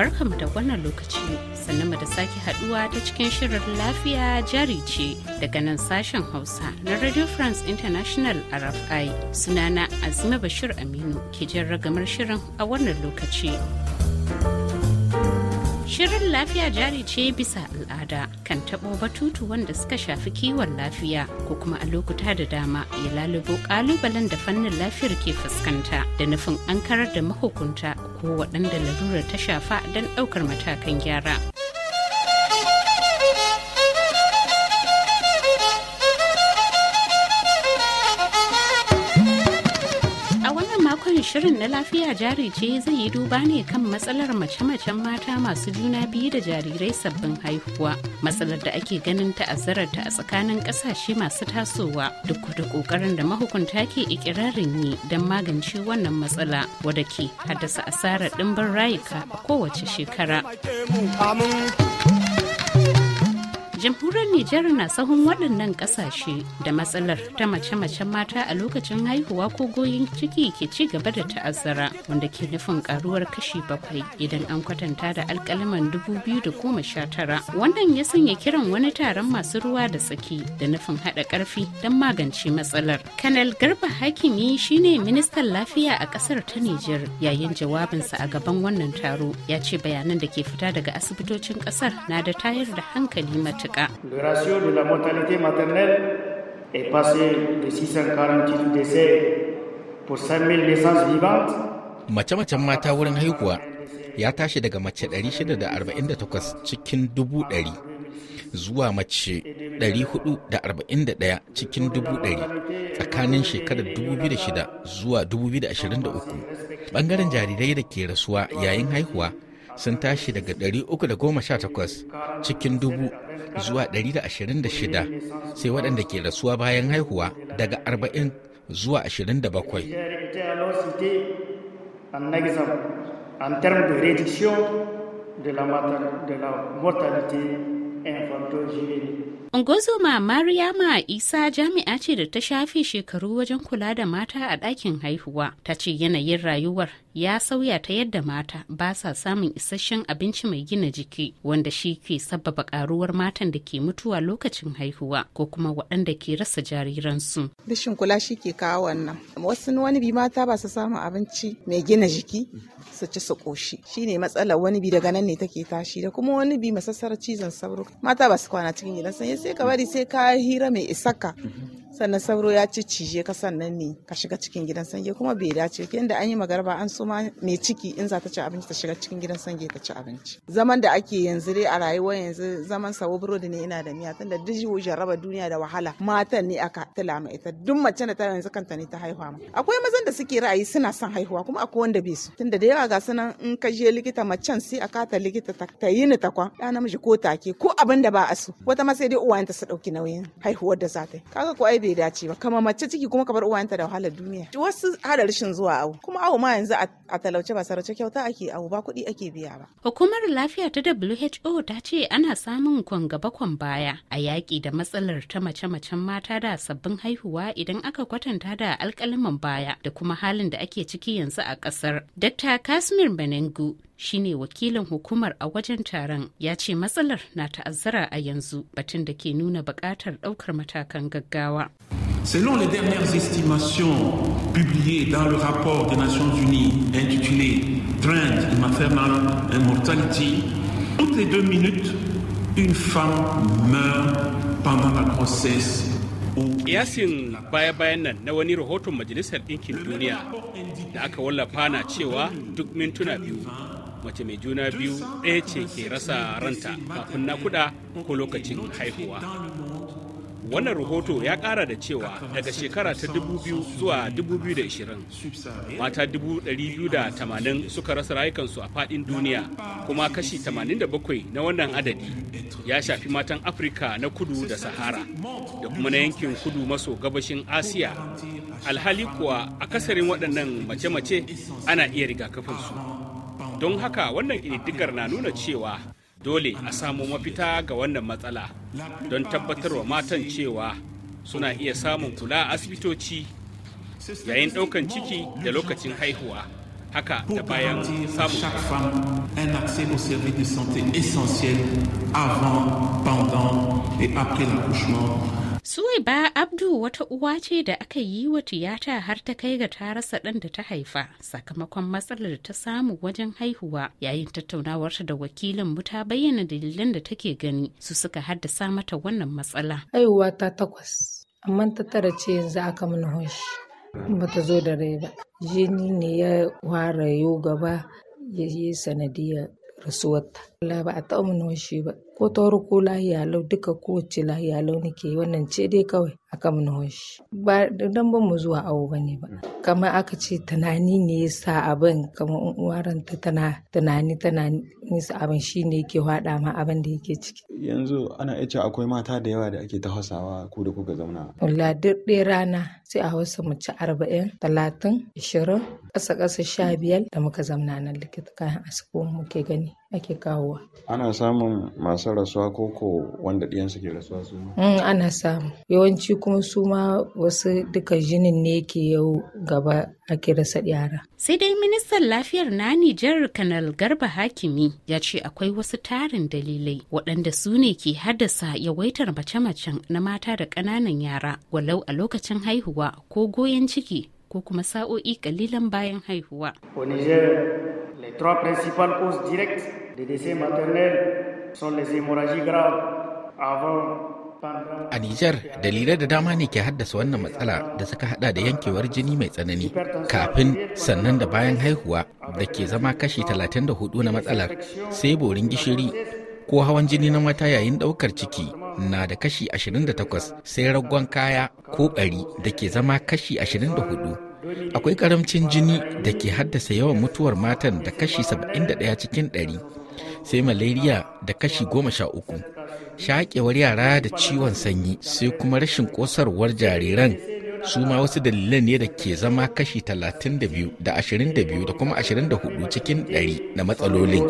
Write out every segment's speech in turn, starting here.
barkamu da wannan lokaci sannan mu da sake haduwa ta cikin shirin lafiya jari ce daga nan sashen hausa na radio france international rfi sunana azima bashir aminu ke jin ragamar shirin a wannan lokaci. Shirin lafiya jari ce bisa al'ada kan taɓo batutu wanda suka shafi kiwon lafiya ko kuma a lokuta da dama ya lalubo ƙalubalen da fannin lafiyar ke fuskanta da nufin an karar da mahukunta ko waɗanda lalurar ta shafa don ɗaukar matakan gyara. Shirin na lafiya jari ce zai yi duba ne kan matsalar mace-macen mata masu juna biyu da jarirai sabbin haihuwa. Matsalar da ake ganin ta'azzarar ta a tsakanin kasashe masu tasowa duk da kokarin da mahukunta ke ikirarin yi don magance wannan matsala wadda ke haddasa asarar dimbin rayuka a kowace shekara. jamhuriyar Nijar na sahun waɗannan ƙasashe da matsalar ta mace-macen mata a lokacin haihuwa ko goyon ciki ke ci gaba da ta'azzara wanda ke nufin karuwar kashi bakwai idan an kwatanta da sha tara Wannan ya sanya kiran wani taron masu ruwa da tsaki da nufin haɗa ƙarfi don magance matsalar. Kanal Garba Hakimi shine ministan lafiya a ƙasar ta Nijar yayin jawabinsa a gaban wannan taro ya ce bayanan da ke fita daga asibitocin ƙasar na da tayar da hankali matuƙa. matuƙa. Mace-macen mata wurin haihuwa ya tashi daga mace 648 cikin 100 zuwa mace 441 cikin 100 tsakanin shekarar 2006 zuwa 2023. Bangaren jarirai da ke rasuwa yayin haihuwa sun tashi daga 318 cikin dubu zuwa 126 sai waɗanda ke rasuwa bayan haihuwa daga 40 zuwa 27 en termes de réduction Ungozoma Mariama Isa jami'a ce da ta shafe shekaru wajen kula da mata a ɗakin haihuwa, ta ce yanayin rayuwar ya sauya ta yadda mata ba sa samun isasshen abinci mai gina jiki wanda shi ke sabbaba karuwar matan da ke mutuwa lokacin haihuwa ko kuma waɗanda ke rasa jariransu. Rashin kula shi ke kawo wannan. Wasu wani bi mata ba su samun abinci mai gina jiki su ci su ƙoshi. Shi ne matsalar wani bi daga nan ne take tashi da kuma wani bi masassarar cizon sauro. Mata ba su kwana cikin gidan sanyi sai ka bari sai ka hira mai isaka. sannan sauro ya ci cije ka sannan ne ka shiga cikin gidan sange kuma bai dace ke da an yi magana ba an ma mai ciki in za ta ci abinci ta shiga cikin gidan sange ta ci abinci zaman da ake yanzu dai a rayuwar yanzu zaman sabo burodi ne ina da miya tunda duk jarraba duniya da wahala matan ne aka tila ma ita duk mace da ta yanzu kanta ne ta haihuwa ma akwai mazan da suke ra'ayi suna son haihuwa kuma akwai wanda bai su tunda da yawa ga sunan in ka je likita macen sai a kata likita ta yi ni takwa ya namiji ko take ko abin da ba a so wata ma sai dai ta su dauki nauyin haihuwar da za ta yi kaga ko ai bai dace ba kama mace ciki kuma ka bar uwayenta da wahalar duniya wasu hada rashin zuwa awo kuma awo ma yanzu a talauce ba sarauce kyauta ake awo ba kuɗi ake biya ba hukumar lafiya ta WHO ta ce ana samun kwan gaba baya a yaƙi da matsalar ta mace-macen mata da sabbin haihuwa idan aka kwatanta da alƙaliman baya da kuma halin da ake ciki yanzu a ƙasar. Dr. Kasmir Benengu shine wakilin hukumar a wajen taron ya ce matsalar na ta'azzara a yanzu batun da ke nuna bukatar ɗaukar matakan gaggawa. Selon les dernières estimations publiées dans le rapport des Nations Unies intitulé Trend in Maternal Mortality, toutes les deux minutes, une femme meurt pendant la grossesse. Kiyasin baya-bayan nan na wani rahoton Majalisar Ɗinkin Duniya da aka wallafa na cewa duk mintuna biyu mace mai juna biyu ɗaya ce ke rasa ranta kafin na kuɗa ko lokacin haihuwa wannan rahoto ya ƙara da cewa daga shekara ta 2000 zuwa 2020 mata 280 suka rasa rayukansu a faɗin duniya kuma kashi 87 na wannan adadi ya shafi matan afirka na kudu da sahara da kuma na yankin kudu maso gabashin asiya alhali kuwa a kasarin waɗannan mace-mace ana iya rigakafinsu don haka wannan ƙididdigar na nuna cewa dole a samu mafita ga wannan matsala don tabbatarwa matan cewa suna iya samun kula a asibitoci yayin ɗaukan ciki da lokacin haihuwa haka da bayan samun Suwaiba Abdu wata uwa ce da aka yi wa tiyata har ta kai ga ta rasa ɗan da ta haifa sakamakon matsalar da ta samu wajen haihuwa yayin tattaunawarta da wakilin mu ta bayyana dalilan da take gani su suka haddasa mata wannan matsala. Haihuwa ta takwas amma ta tara ce yanzu aka mana ba ta zo da rai ba. Jini ne ya ware yau gaba ya yi sanadiyar rasuwarta. Allah ba a taɓa mana hoshi ba. ko ta ko lahiya lau duka kowace lahiya lau nake wannan ce dai kawai a mun hoshi ba dan ban mu zuwa awo ne ba kamar aka ce tunani ne yasa abin kamar uwaran ta tana tunani tana nisa abin shi ne yake hada ma abin da yake ciki yanzu ana iya akwai mata da yawa da ake ta hausawa ko da kuka zauna Wala duk ɗaya rana sai a hausa mu ci arba'in talatin ashirin ƙasa ƙasa sha biyar da muka zauna nan likita kayan asibiti muke gani ake kawowa ana samun masu rasuwa ko ko wanda ɗiyansu ke rasuwa su mm, ana samu yawanci kuma su ma wasu duka jinin ne ke yau gaba ake rasa yara sai dai ministan lafiyar na nijar kanal garba hakimi ya ce akwai wasu tarin dalilai waɗanda su ne ke haddasa yawaitar mace-macen na mata da ƙananan yara walau a lokacin haihuwa ko goyon ciki ko kuma sa'o'i kalilan bayan haihuwa. trois principales causes directes des décès maternels sont les hémorragies graves avant A Nijar, dalilai da dama ne ke haddasa wannan matsala da suka hada da yankewar jini mai tsanani kafin sannan da bayan haihuwa da ke zama kashi 34 na matsalar sai borin gishiri ko hawan jini na mata yayin daukar ciki na da kashi 28 sai ragon kaya ko bari da ke zama kashi 24 akwai karamcin jini da ke haddasa yawan mutuwar matan da kashi 71 cikin 100 sai malaria da kashi 13 shaƙewar yara da ciwon sanyi sai kuma rashin kosarwar jariran su ma wasu dalilan ne da ke zama kashi 32 da 22 da kuma 24 cikin 100 na matsalolin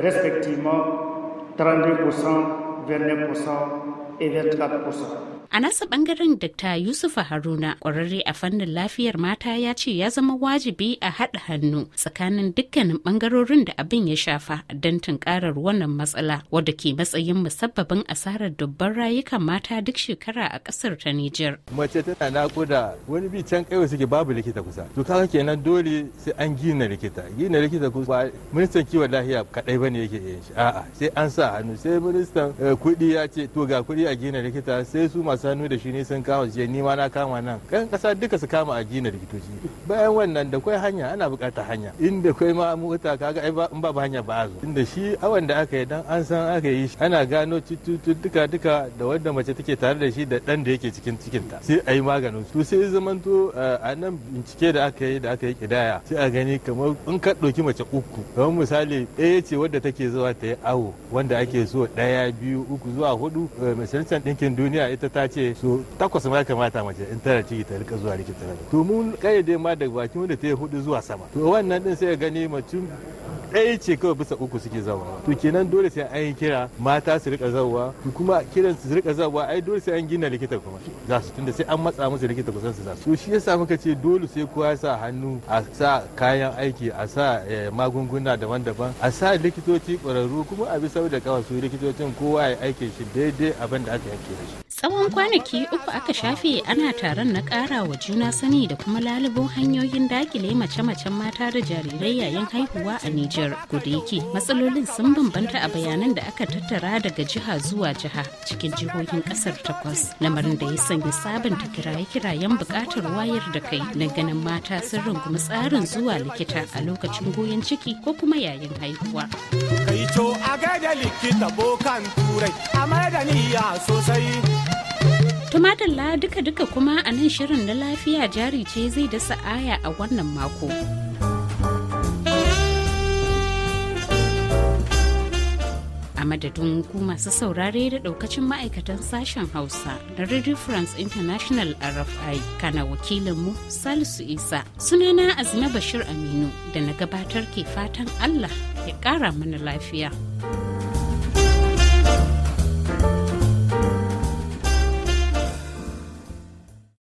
respectivement 32%, 29% et 24%. A nasa bangaren Dr. Yusufa Haruna kwararre a fannin lafiyar mata ya ce ya zama wajibi a haɗa hannu tsakanin dukkanin bangarorin da abin ya shafa don tunkarar wannan matsala wadda ke matsayin musabbabin asarar dubban rayukan mata duk shekara a ƙasar ta Nijar. Mace tana naƙuda wani bi can kaiwa suke babu likita kusa. To kaga kenan dole sai an gina likita. Gina likita kusa ministan kiwon lafiya kaɗai bane yake yin shi. A'a sai an sa hannu sai ministan eh, kuɗi ya ce to ga kuɗi a gina likita sai su masu sanu da shi ne sun kama jiya ni ma na kama nan kan kasa duka su kama a jinar gitoci bayan wannan da kwai hanya ana bukata hanya inda kwai ma mota kaga ai in ba hanya ba zo inda shi awan da aka yi dan an san aka yi ana gano cututtuka duka duka da wadda mace take tare da shi da dan da yake cikin cikinta sai ayi maganin su sai to eh, a nan bincike da aka yi da aka yi kidaya sai a gani kamar in ka mace uku kamar misali ɗaya ce wadda take zuwa ta yi awo wanda ake so ɗaya biyu uku zuwa hudu eh, majalisar ɗinkin duniya ita ta ce su takwas ma ya kamata mace in tana ciki ta rika zuwa tara to mun kayyade ma da bakin wanda ta yi hudu zuwa sama to wannan din sai ya gani mace ɗaya ce kawai bisa uku suke zawa to kenan dole sai an yi kira mata su rika zawa kuma kiran su rika zawa ai dole sai an gina likita kuma za su tunda sai an matsa musu likita kusan su za su to shi yasa muka ce dole sai kowa ya sa hannu a sa kayan aiki a sa eh, magunguna daban-daban a sa likitoci ƙwararru kuma a bi sau kawai su likitocin kowa ya aikin shi daidai abin da aka yanke da shi tsawon kwanaki uku aka shafe ana taron na kara wa juna sani da kuma lalubo hanyoyin dakile mace-macen mata da jarirai yayin haihuwa a Nijar. guda yake matsalolin sun bambanta a bayanan da aka tattara daga jiha zuwa jiha cikin jihohin kasar takwas. Lamarin da ya sanya sabunta kiraye-kirayen bukatar wayar da kai na ganin mata sun rungumi tsarin zuwa likita a lokacin goyon ciki ko kuma yayin haihuwa. Kai to a gaida likita bokan turai a sosai. la, duka-duka kuma a nan shirin na lafiya jari ce zai dasa aya a wannan mako. a madadin ku masu saurare da daukacin ma'aikatan sashen hausa da radio france international rfi kana wakilinmu salisu isa sunana azina bashir aminu da na gabatar ke fatan allah ya kara mana lafiya.